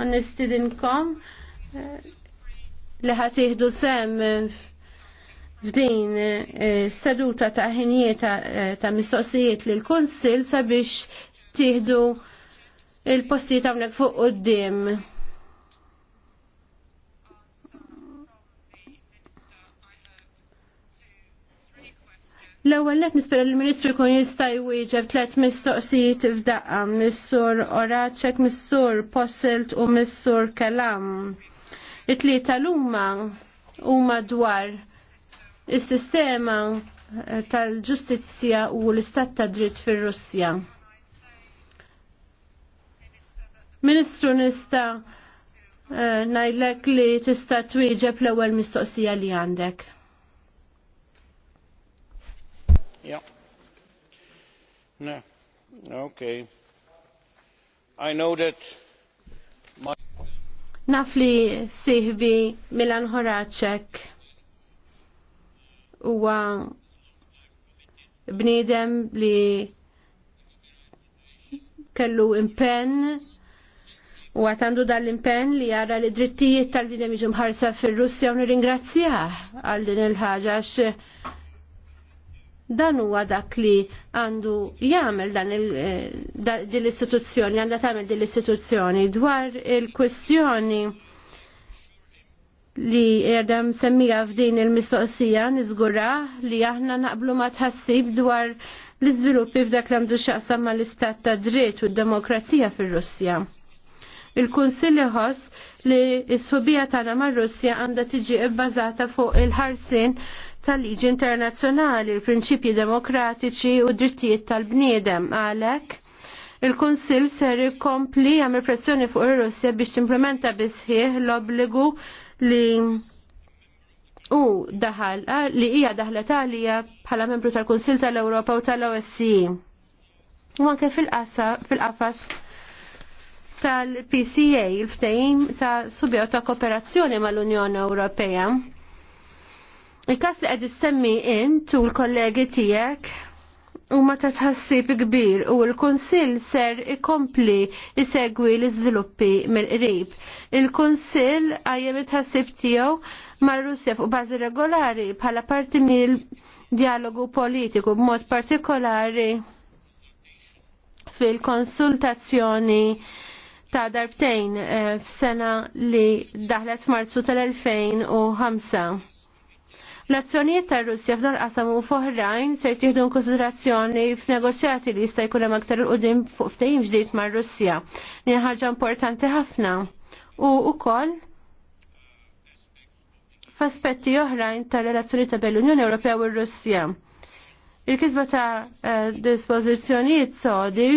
u nistidinkom eh, li ħatiħdu sem eh, f'din eh, seduta ta' ħinjeta ta' mistoqsijiet li l-Konsil sabiex tieħdu il-postijiet hawnhekk fuq quddiem. L-ewwel qed nispera li l-Ministru jkun jista' jwieġeb tliet mistoqsijiet f'daqqa missur Oraċek, Missur Posselt u Missur Kelam. Kalam. It-tlieta luma huma huma dwar is-sistema eh, tal-ġustizzja u l-istat ta' dritt fir-Russja. Ministru nista' eh, ngħidlek li tista' twieġeb l-ewwel mistoqsija li għandek. Yeah. No. Okay. I know that my Nafli li Milan Horacek huwa bniedem li kellu impen u għatandu dal-impen li jara li drittijiet tal-bnidem iġu mħarsa fil-Russja u nirringrazzjah għal din il-ħagġa Dan huwa dak li għandu jagħmel dan eh, l-istituzzjoni, għandha tagħmel din l-istituzzjoni dwar il-kwestjoni li qiegħda semmija f'din il-mistoqsija niżgura li aħna naqblu ma tħassib dwar l-iżviluppi f'dak li għandu x'aqsam mal-istat ta' dritt u d-demokrazija fir-Russja il-Kunsill iħoss li s-subija tagħna mar-Russja għandha tiġi bbażata fuq il-ħarsin tal-liġi internazzjonali, l-prinċipji demokratiċi u drittijiet tal-bniedem għalek. Il-Kunsil ser ikompli għamil pressjoni fuq ir-Russja biex timplementa bisħieħ l-obbligu li u daħal li hija daħlet għalija bħala membru tal-Kunsil tal-Ewropa u tal-OSCE. U anke fil-qafas tal-PCA, il-ftehim ta' subjaw ta' kooperazzjoni mal-Unjoni Ewropea. Il-kas li għed semmi intu u l-kollegi tijek u ma ta' tħassib kbir u l-Konsil ser ikompli isegwi l-izviluppi mill-qrib. Il-Konsil għajem tħassib tijaw ma' Rusjef u bazi regolari bħala parti mill-dialogu politiku b'mod partikolari fil-konsultazzjoni ta' darbtejn eh, f'sena li daħlet marzu tal-2005. L-azzjonijiet tar russja f'dan qasam u foħrajn ser l konsiderazzjoni f'negozjati li jista' jkun hemm aktar qudiem fuq ftehim ġdid mar-Russja. Ni ħaġa importanti ħafna. U wkoll f'aspetti oħrajn tar-relazzjoni ta' bejn unjoni Ewropea u r-Russja. Il-kisba ta' eh, dispożizzjonijiet sodi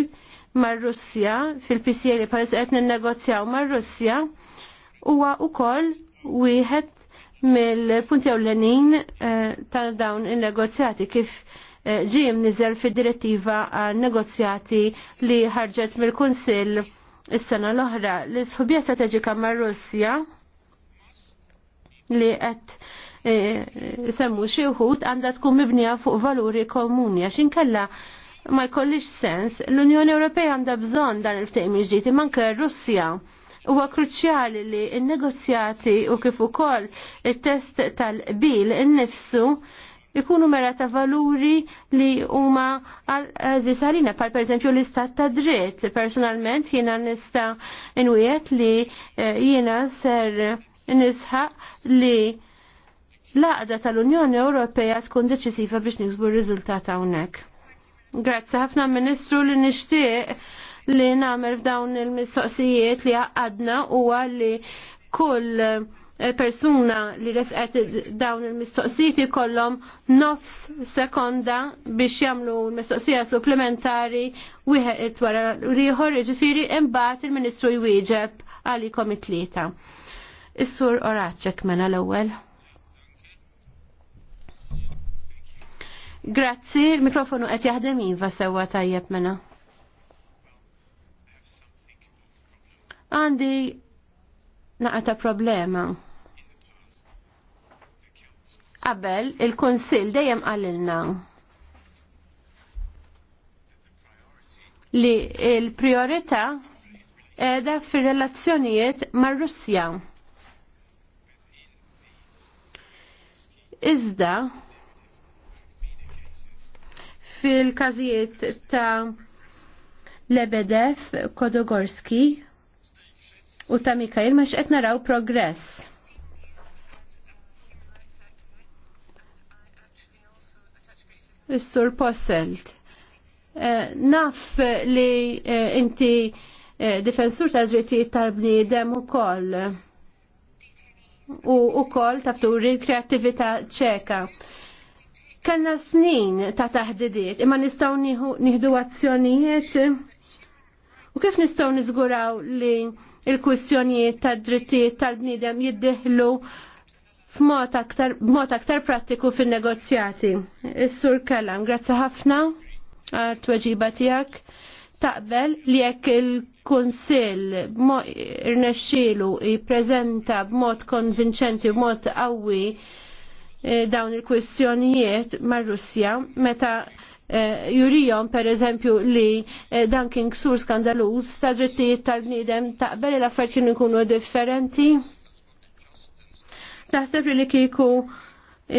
mar-Russja fil-PCA li paris qed ninnegozjaw mar-Russja huwa wkoll wieħed mill-punti ewlenin eh, tal dawn il-negozjati kif eh, ġim nizel fi direttiva għal negozjati li ħarġet mill-Kunsill is-sena l-oħra l sħubija strateġika mar Russja li qed eh, semmu xi wħud għandha tkun mibnija fuq valuri komuni għax inkella ma jkollix sens l-Unjoni Ewropea għandha bżonn dan il-ftehim il-ġdid imma Russja Huwa kruċjali li n-negozjati u kif ukoll it-test tal bil innifsu ikunu mera ta' valuri li huma zisalina pal per eżempju l-istat ta' dritt. Personalment jiena nista' inwiet li eh, jiena ser nisħaq li l-aqda tal-Unjoni Ewropea tkun deċisiva biex niksbu r-riżultat hawnhekk. Grazzi ħafna Ministru li nixtieq li nagħmel f'dawn il-mistoqsijiet li għadna huwa li kull eh, persuna li resqet dawn il-mistoqsijiet ikollhom nofs sekonda biex jagħmlu l-mistoqsija supplementari wieħed it-twara ieħor jiġifieri imbagħad il-Ministru jwieġeb għalikom it-tlieta. Is-sur oraċek mena l-ewwel. Grazzi, il-mikrofonu qed jaħdem iva sewwa tajjeb mena. Għandi naqata problema. Qabel, il-Konsil dejjem għallilna li il-priorità edha fir-relazzjonijiet mar-Russja. Iżda fil-każijiet ta' Lebedev Kodogorski u ta' Mikael, ma xqed naraw progress. Is-sur Posselt. Eh, naf li eh, inti eh, difensur ta' drittijiet tal-bniedem ukoll u ukoll tafturi kreattività ċeka. Kellna snin ta' taħdidiet, imma nistgħu nieħdu azzjonijiet u kif nistgħu niżguraw li il-kwistjonijiet tad drittijiet tal-bniedem jiddiħlu f'mod aktar, aktar prattiku fin-negozjati. Is-Sur Kellam, grazzi ħafna għal-tweġiba tiegħek. Taqbel li jekk il-Kunsill irnexxielu jippreżenta b'mod konvinċenti, b'mod qawwi eh, dawn il-kwistjonijiet mar-Russja meta Eh, jurijom per eżempju li eh, dan kien ksur skandaluż ta' drittijiet tal-bniedem taqbel l-affarijiet kienu jkunu differenti. Taħseb li kieku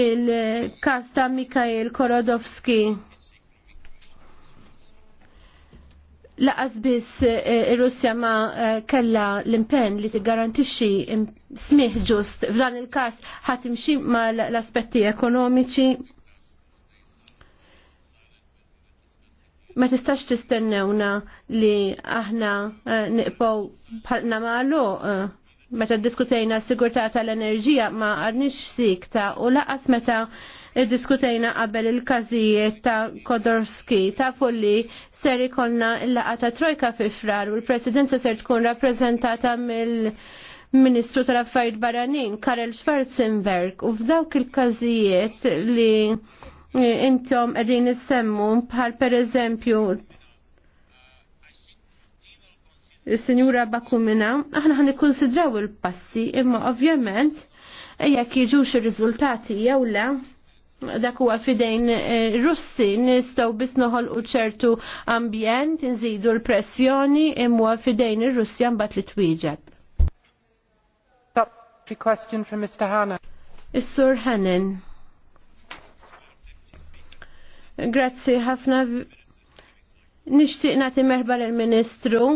il-kas ta' Mikhail Korodowski laqas biss eh, ir-Russja ma kella l-impenn li tiggarantixxi smih ġust f'dan il-każ ħatimxi ma l-aspetti ekonomiċi ma tistax tistennewna li aħna eh, niqbow bħalna malu eh, meta diskutejna s-sigurtà tal-enerġija ma għadniex sikta u laqas meta diskutejna qabel il-każijiet ta' Kodorski ta' fulli ser ikonna il-laqa ta' Trojka fi frar u l-presidenza ser tkun rappreżentata mill Ministru tal-Affarijiet Barranin Karel Schwarzenberg u f'dawk il-każijiet li intom qegħdin semmu bħal pereżempju il-Sinjura Bakumina, aħna ħan ikkonsidraw il-passi, imma ovvjament jekk jiġux ir-riżultati jew le, dak huwa fidejn eh, Russi nistgħu biss noħolqu ċertu ambjent, nżidu l-pressjoni imma fidejn ir-Russja mbagħad li twieġeb. Is-Sur Hannan. Grazzi ħafna nixtieq nagħti merħba lill-Ministru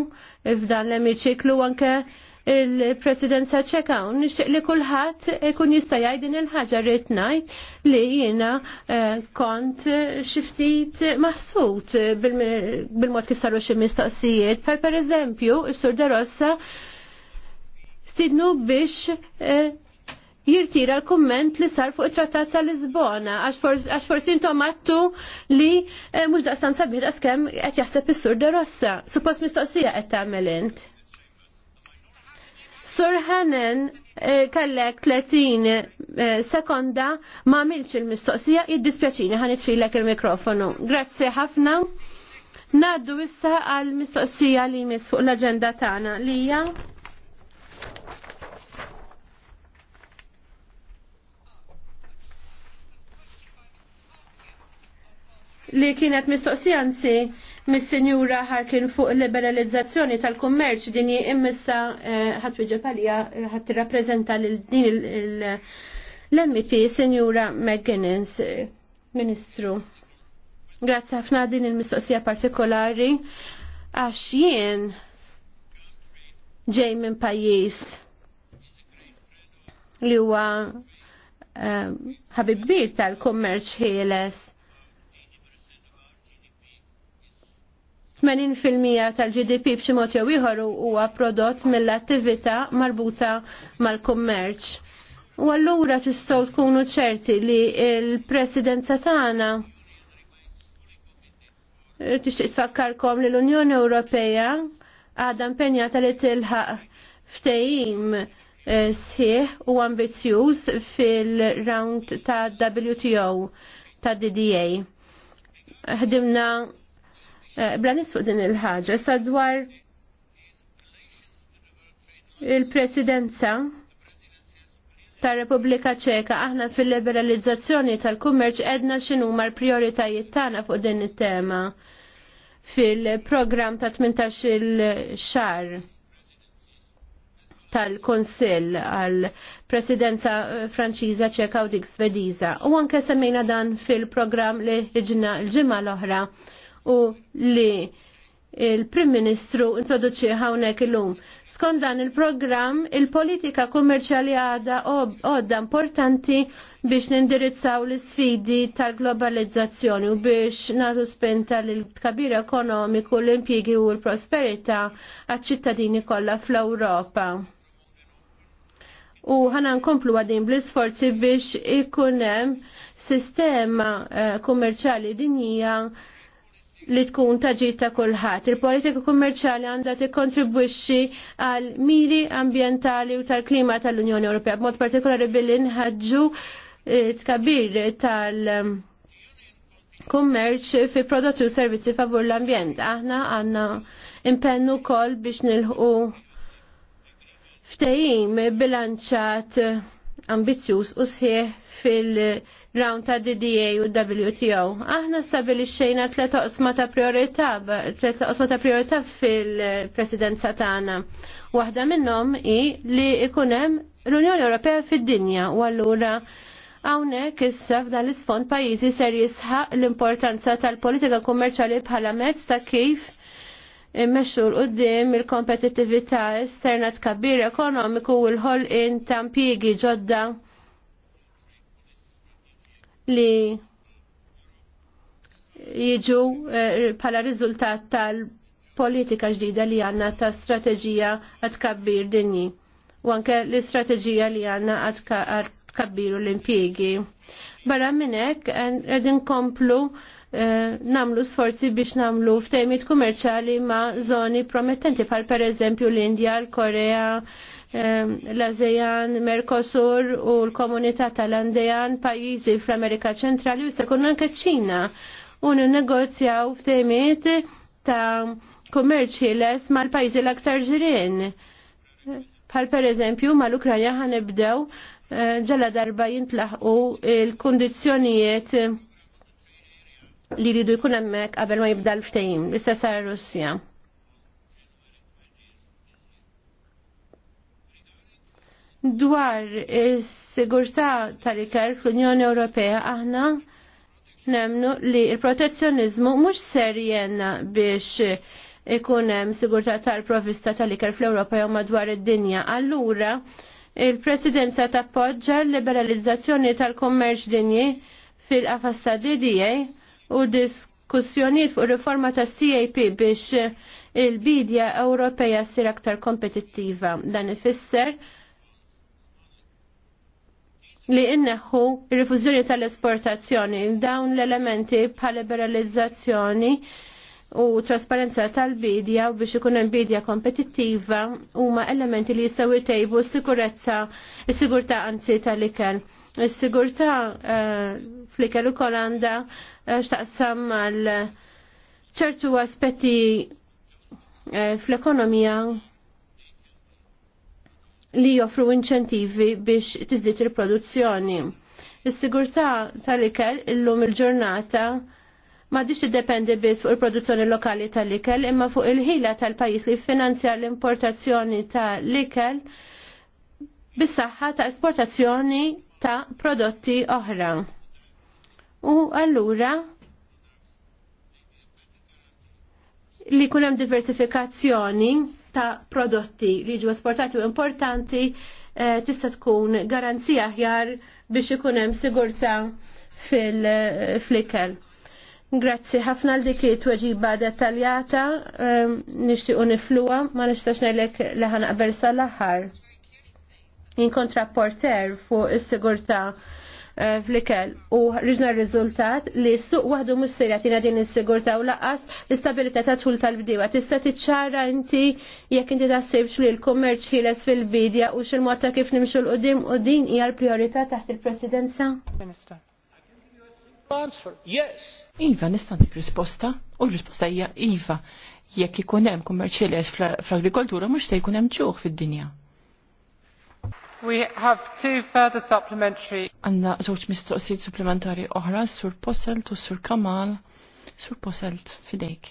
f'dan l-emiċiklu anke il-presidenza ċeka u nixtieq li kulħadd ikun jista' jgħid din il-ħaġa rrid ngħid li jiena eh, kont xi ftit maħsud bil-mod kif saru xi mistoqsijiet. Per pereżempju, is-Sur Derossa stidnu biex eh, jirtira l-komment li sar fuq it-trattat tal Lisbona, għax forsi intom għattu li eh, mux daqsan sabir għaskem għet jaħseb is-sur de Rossa. Suppost mistoqsija għet tagħmel int. Sur Hanen eh, kellek 30 eh, sekonda ma għamilx il-mistoqsija, id-dispjaċini ħanitfilek il-mikrofonu. Grazzi ħafna. Naddu issa għal mistoqsija li jmiss fuq l-agenda tagħna li hija li kienet mistoqsijanzi mis-Sinjura Harkin fuq liberalizzazzjoni tal-kummerċ din immissa eh, ħat għalija eh, ħat tirrappreżenta lil din l-MP Sinjura McGuinness, eh, Ministru. Grazzi ħafna din il-mistoqsija partikolari għax jien ġej minn pajjiż li huwa ħabib kbir tal-kummerċ ħieles 80% tal-GDP b'xi mod jew ieħor huwa prodott mill-attività marbuta mal-kummerċ. U allura tistgħu tkunu ċerti li l-Presidenza tagħna tixtieq tfakkarkom li l-Unjoni Ewropea għadha impenjata li tilħaq ftehim eh, sħiħ u ambizzjuż fil-round ta' WTO ta' DDA ħdimna Eh, bla nisfuq din il-ħaġa. Sa dwar il-presidenza ta' Repubblika Ċeka aħna fil-liberalizzazzjoni tal-kummerċ edna x'inhuma l-prijoritajiet tagħna fuq din it-tema fil-programm ta' 18 xar tal-Konsill għal Presidenza Franċiża Ċeka u dik Svediża. U anke semmejna dan fil-programm li ħriġna l-ġimgħa l-oħra u li il-Prim Ministru introduċi hawnhekk illum. Skont dan il-programm, il-politika kummerċjali għadha għodda importanti biex nindirizzaw l-sfidi tal-globalizzazzjoni u biex nagħtu spinta l kabir ekonomiku, l-impjiegi u l-prosperità għaċ-ċittadini kollha fl-Ewropa. U ħana nkomplu għadin bl-isforzi biex ikun hemm sistema eh, kummerċjali dinija li tkun taġit ta' kulħadd. Il-politika kummerċjali għandha tikkontribwixxi għal miri ambjentali u tal-klima tal-Unjoni Ewropea b'mod partikolari billi nħaġġu eh, tkabbir tal- ehm, kummerċ fi prodotti u servizzi favur l-ambjent. Aħna għanna impennu kol biex nilħu ftejim bilanċat ambizjuż u sħiħ fil-round ta' DDA u WTO. Aħna stabilixxejna tlet xejna ta' priorità, tlet ta' priorità fil-presidenza tagħna. Waħda minnhom hi li ikun hemm l-Unjoni Ewropea fid-dinja u allura Hawnhekk issa f'dan l-isfond pajjiżi ser jisħaq l-importanza tal-politika kummerċjali bħala mezz ta' kif immexxu l qudiem il-kompetittività esterna tkabbir ekonomiku u l-ħolqien ta' impjiegi ġodda li jiġu eh, pala riżultat tal-politika ġdida li għanna ta' strateġija għad kabbir dinji u anke l-istrateġija li għanna għad u l-impiegi. Barra minnek, għedin komplu eh, namlu sforzi biex namlu ftejmit kummerċali ma' zoni promettenti, pal per eżempju l-Indja, l-Korea, Ehm, l azejan Mercosur u l-komunità tal andejan pajjiżi fl-Amerika ċentrali u jistakun anke ċina u negozjaw f'temiet ta' kummerċ ħieles mal-pajjiżi l-aktar ġirien. Bħal per eżempju mal-Ukranja ħanibdew eh, ġala darba jintlaħqu il-kondizjonijiet li ridu jkun hemmhekk qabel ma jibda l-ftehim, l-istess Russja. dwar is-sigurtà tal-ikel fl-Unjoni Ewropea aħna nemnu li il-protezzjonizmu mhux serjenna biex ikun hemm sigurtà tal-provista tal-ikel fl-Ewropa jew madwar id-dinja. Allura il-Presidenza tappoġġa l-liberalizzazzjoni tal-kummerċ dinji fil-qafas DDA u diskussjonijiet fuq riforma tas CAP biex il-bidja Ewropeja ssir aktar kompetittiva. Dan ifisser li inneħu rifużjoni tal-esportazzjoni. Dawn l-elementi bħal liberalizzazzjoni u trasparenza tal-bidja u biex ikun hemm bidja kompetittiva huma elementi li jistgħu jtejbu s-sikurezza, s-sigurtà anzi tal-ikel. Is-sigurtà eh, fl-ikel ukoll għandha eh, x'taqsam mal ċertu aspetti eh, fl-ekonomija li joffru inċentivi biex tizdit il-produzzjoni. Is-sigurtà tal-ikel illum il-ġurnata ma diċ id-dependi biss fuq il-produzzjoni lokali tal-ikel imma fuq il-ħila tal-pajis li finanzja l-importazzjoni tal-ikel bis-saħħa ta' esportazzjoni ta' prodotti oħra. U allura li kunem diversifikazzjoni ta' prodotti li ġu esportati u importanti eh, tista' tkun garanzija aħjar biex ikun hemm sigurtà fil-flikel. Eh, Grazzi ħafna l dik tweġiba dettaljata eh, nixtiequ nifluha ma nixtax ngħidlek li ħanaqbel sal-aħħar. porter fuq is-sigurtà Eh, flikel u riġna r-riżultat li s-suq waħdu mhux sir jagħtina din is sigurta u laqas l-istabilità ta' tul tal-bdiewa. Tista' tiċċara inti jekk inti taħsibx li l kommerċ ħieles fil-bidja u x'il-mod ta' kif nimxu l-qudiem u din hija l-prijorità taħt il-Presidenza? Iva, nista' dik risposta u l-risposta hija iva. Jekk ikun hemm kummerċ ħieles fl-agrikoltura mhux se jkun hemm ġuħ fid-dinja. We have two further supplementary. Għanna zoċ mistoqsijiet supplementari oħra, sur Poselt u sur Kamal, sur Poselt, fidejk.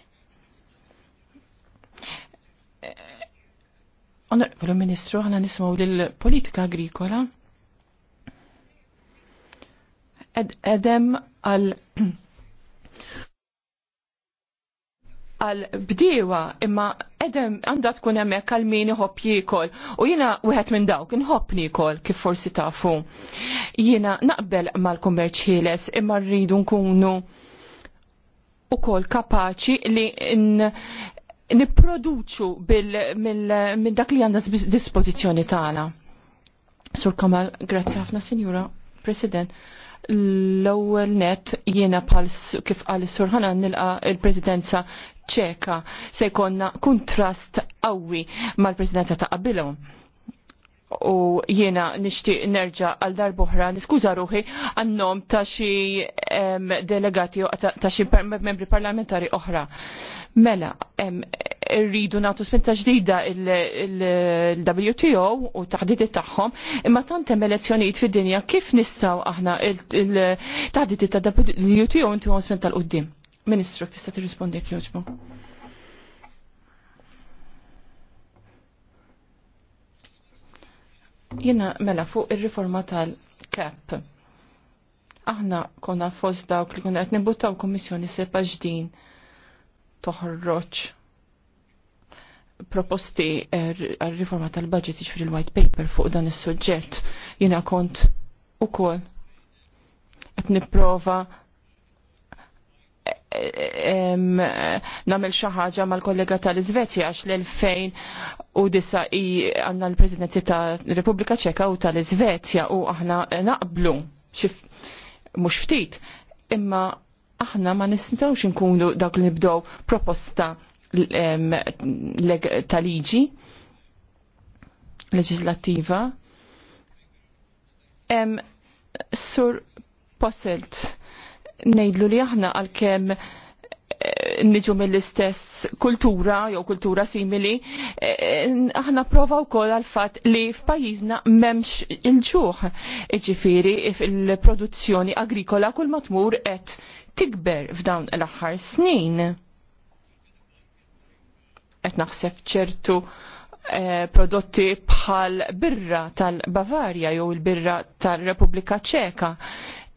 Eh, Onorevole Ministru, għanna nismaw l-politika agrikola edem għal għal bdiewa imma edem għandha tkun hemmhekk għal min iħobb jiekol u jiena wieħed minn dawk inħobb nikol kif forsi tafu. Jiena naqbel mal-kummerċ ħieles imma rridu nkunu ukoll kapaċi li nipproduċu minn dak li għandha dispożizzjoni tagħna. Sur Kamal, grazzi ħafna, Sinjura President l-ewwel net jiena bħal kif qal is-surħana nilqa il-Presidenza ċeka se jkollna kuntrast qawwi mal-Presidenza ta' qabilhom. U jiena nixtieq nerġa' għal darbohra niskuża ruħi għan-nom ta' xi delegati ta' xi membri parlamentari oħra. Mela, rridu nagħtu spinta ġdida il-WTO u taħditi tagħhom, imma tant hemm elezzjonijiet fid-dinja kif nistgħu aħna il-taħditi ta' WTO intu spinta tal qoddim Ministru, tista' tirrispondi jekk Jena mela fuq ir-riforma tal-CAP. E aħna konna fost dawk li konna qed nibuttaw sepa ġdin toħroġ proposti eh, għal-riforma tal-budget iġfri l white paper fuq dan is suġġett jina kont u kol għet niprofa namel xaħġa mal-kollega tal-Izvezja għax l-2000 u disa i għanna l presidenti ta' Repubblika Ċeka u tal-Izvezja u aħna naqblu xif mux ftit imma aħna ma nistawx nkunu dak li nibdow proposta tal-liġi Em, Sur Posselt nejdlu li aħna għal-kem eh, niġu mill-istess kultura jew kultura simili, eh, aħna provaw wkoll għal fatt li f'pajjiżna m'hemmx il-ġuħ. Iġifieri il-produzzjoni agrikola kull matmur tmur qed tikber f'dawn l-aħħar snin qed naħseb ċertu eh, prodotti bħal birra tal-Bavarja jew il-birra tal-Repubblika Ċeka.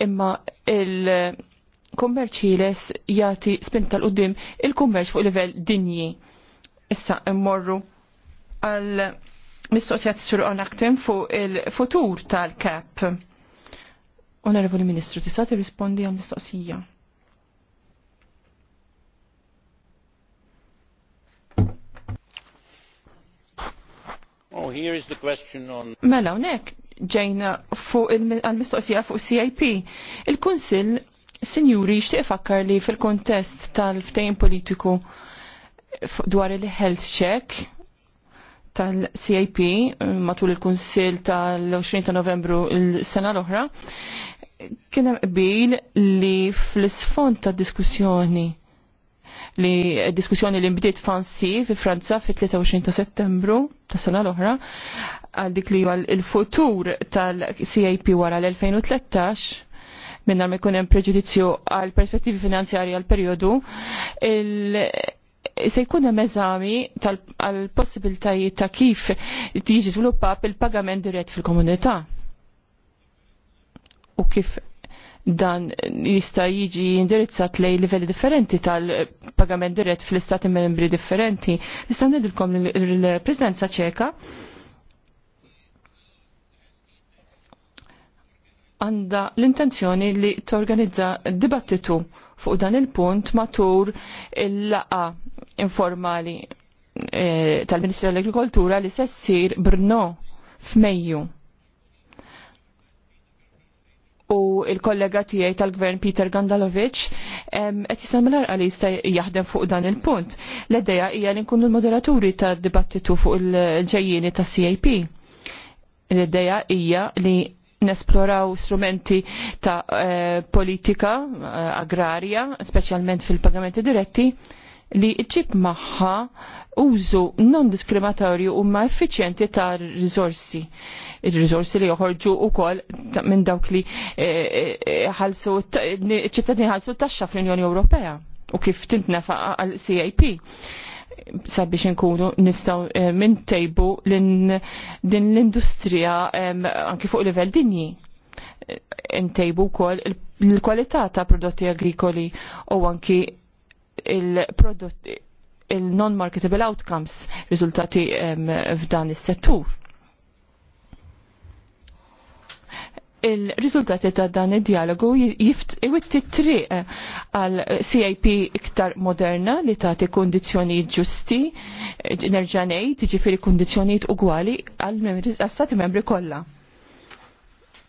Imma il-kummerċ ħieles jagħti spint tal qudiem il-kummerċ fuq livell dinji. Issa immorru għal mistoqsijat sur onaktim fuq il-futur tal-kap. Onorevoli Ministru, tista' tirrispondi għal mistoqsija. Oh, here is the question on... Mela, unek ġejna fuq il-mistoqsija fuq CIP. Il-Kunsil, sinjuri, xtiq fakkar li fil-kontest tal-ftejn politiku dwar il-health check tal-CIP matul il-Kunsil tal-20 ta' novembru il-sena l-oħra, kien hemm qbil li fl-isfond ta' diskussjoni li diskussjoni li mbdiet fansi fi Franza fit-23 ta' settembru ta' sena l-oħra għal dik li il-futur tal-CAP wara l-2013 minna ma jkun hemm preġudizzju għal perspettivi finanzjarji għal perjodu se jkun hemm eżami għal possibiltajiet ta' kif tiġi żviluppat il-pagament dirett fil-komunità u kif dan jista' jiġi indirizzat lej livelli differenti tal-pagament dirett fl-istati membri differenti. Nista' nidilkom l-Presidenza ċeka għanda l-intenzjoni li torganizza dibattitu fuq dan il-punt matur il-laqa informali eh, tal-Ministru tal-Agrikoltura li sessir Brno f'Mejju il-kollega tiegħi tal-gvern Peter Gandalovic qed jisemmilar għal jista' jaħdem fuq dan il-punt. L-idea hija li nkunu l-moderaturi tad-dibattitu fuq il-ġejjieni tas-CAP. L-idea hija li nesploraw strumenti ta' eh, politika eh, agrarja, speċjalment fil-pagamenti diretti, li ġib maħħa użu non diskriminatorju u ma effiċjenti ta' rizorsi. Il-rizorsi li joħorġu u kol minn dawk li eh, eh, eh, ħalsu, ċittadini ħalsu taxxa fl-Unjoni Ewropea u kif tintnefa għal CIP sabiex nkunu nistaw minn tejbu din l-industrija anki fuq livell dinji intejbu kol il-kwalità ta' prodotti agrikoli u anki il-prodotti il-non marketable outcomes riżultati f'dan is-settur. Il-riżultati ta' dan id-dialogu iwitti triq eh, għal CIP iktar moderna li tagħti kundizzjonijiet ġusti, eh, nerġa' ngħid, jiġifieri kundizzjonijiet ugwali għal stati membri kollha.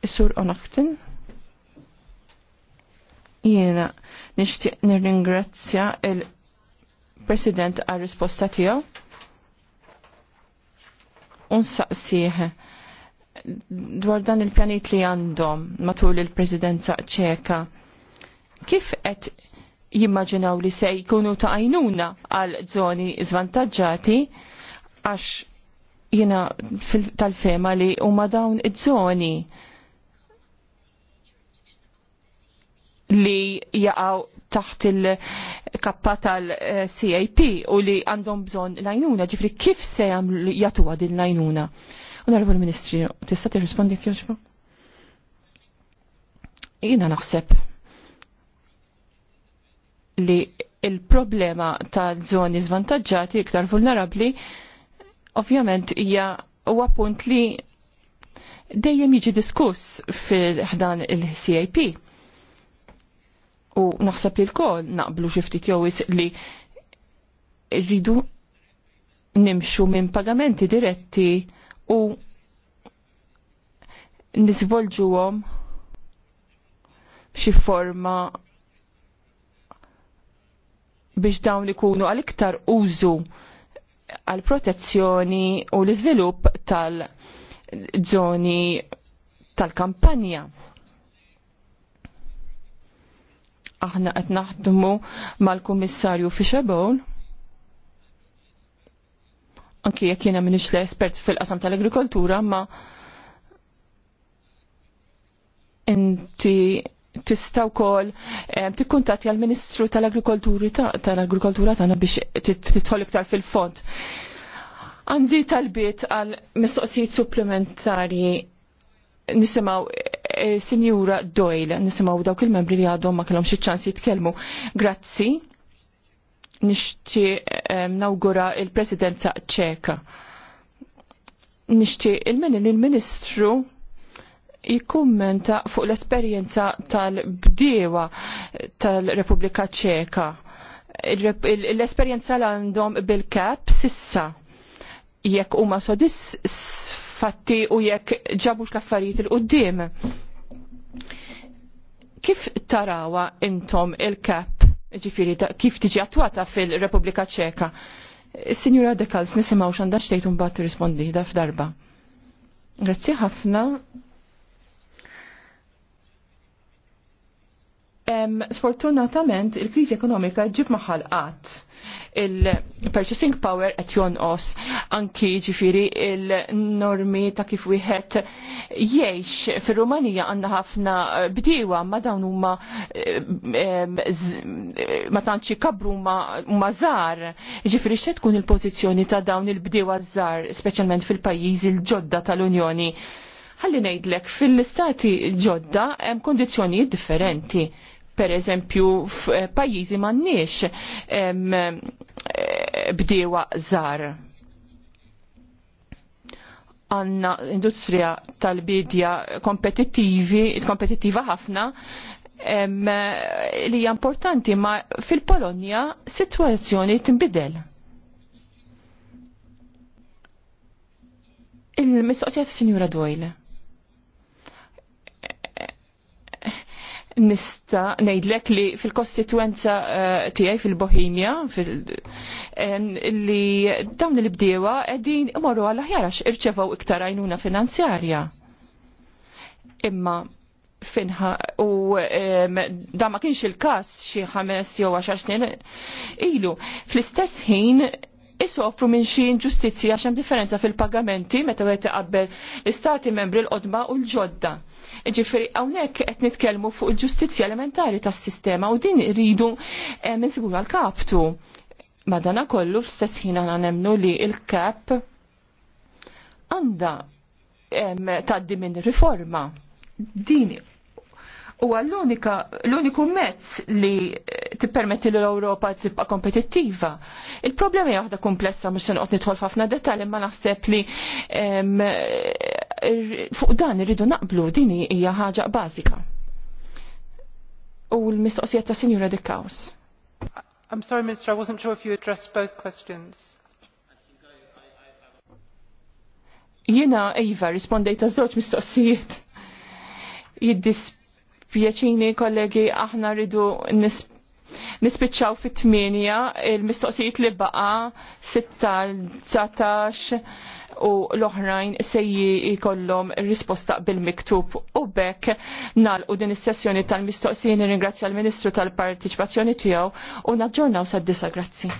Is-sur Onaktin. Jiena nixtieq nirringrazzja il-President għal risposta tiegħu. Unsaqsih dwar dan il-pjanit li għandhom matul il-Presidenza ċeka. Kif qed jimmaġinaw li se jkunu ta' għajnuna għal żoni żvantaġġati għax jiena tal-fema li huma dawn iż-żoni li jaqaw taħt il-kappa tal-CAP u li għandhom bżon lajnuna, ġifri kif se jatuwa din lajnuna? l Ministri, tista tirrispondi kjoġba? Jina naħseb li il-problema tal-żoni zvantagġati iktar vulnerabli ovvjament hija huwa punt li dejjem jiġi diskuss fil-ħdan il-CAP u naħseb li l-kol naqblu xiftit jowis li rridu nimxu minn pagamenti diretti u għom b'xi forma biex dawn ikunu għal-iktar użu għal-protezzjoni u l-iżvilupp tal-żoni tal-kampanja. aħna qed naħdmu mal-Kummissarju Fisherbowl anki jekk jiena minix l-espert fil-qasam tal-agrikoltura, ma inti tistaw kol eh, tikkuntati għal ministru tal-agrikoltura tal-agrikoltura tagħna biex titħol iktar fil-fond. Għandi talbiet għal mistoqsijiet supplementari nisimaw E, Sinjura Doyle, nisimaw dawk il-membri li għadhom ma kellhom xi ċans jitkellmu. Grazzi. Nixti e, nawgura il-Presidenza ċeka. Nixti il-min il-Ministru jikkummenta fuq l-esperjenza tal-bdiewa tal-Repubblika ċeka. L-esperjenza l għandhom bil-kap sissa jekk huma sodis fatti u jekk ġabux l-affarijiet il-qoddim. Kif tarawa intom il-kap, ġifiri, kif tiġi attuata fil-Repubblika Ċeka? Signora Kals nisimaw xanda xtejtum bat rispondi da f'darba. Grazzi ħafna. Sfortunatament, il-krizi ekonomika ġib maħal għat il-purchasing power qed jonqos anki ġifiri il-normi ta' kif wieħed jgħix fir-Rumanija għandna ħafna eh, bdiewa ma dawn huma eh, eh, ma tantx ikabru huma żgħar. Ġifieri x'se tkun il-pożizzjoni ta' dawn il-bdiewa żgħar, speċjalment fil-pajjiżi l-ġodda tal-Unjoni. Ħalli ngħidlek fil-istati ġodda hemm kondizzjonijiet differenti per eżempju f'pajjiżi m'għandniex eh, bdiewa żgħar. Għanna industrija tal-bidja kompetittivi, kompetittiva ħafna, li hija importanti, ma fil-Polonja sitwazzjoni tinbidel. Il-mistoqsija ta' Sinjura Doyle. nista ngħidlek li fil-kostituenza uh, tiegħi fil-Bohemia fil li dawn il-bdiewa qegħdin imorru għal ħjarax irċevaw iktar għajnuna finanzjarja. Imma finħa u um, da ma kienx il-kas xi ħames jew għaxar snin ilu. Fl-istess ħin isofru minn xi inġustizzja għax hemm differenza fil-pagamenti meta wieħed iqabbel l-istati membri l-qodma u l-ġodda. Ġifieri hawnhekk qed nitkellmu fuq il-ġustizzja elementari tas-sistema u din iridu eh, minsiguru l kaptu. Madana kollu fl-istess ħin aħna nemnu li l-kap għandha tgħaddi minn riforma. Din huwa l-uniku unika l mezz li tippermetti l europa tibqa' kompetittiva. Il-problema hija waħda komplessa mhux se noqgħod nidħol f'ħafna dettalji ma naħseb li fuq dan irridu naqblu din hija ħaġa bażika. U l-mistoqsija ta' Sinjura De Kaus. I'm sorry, Minister, I wasn't sure if you addressed both questions. Jena, Iva, rispondejta żewġ mistoqsijiet. Jiddis Pjaċini kollegi aħna rridu nispiċċaw fit-8 il-mistoqsijiet li baqa 16 u l-oħrajn sejji jkollhom risposta bil-miktub u bekk u din is-sessjoni tal-mistoqsijin ringrazzja l-Ministru tal-Partiċipazzjoni tiegħu u naġġornaw sad-disa grazzi.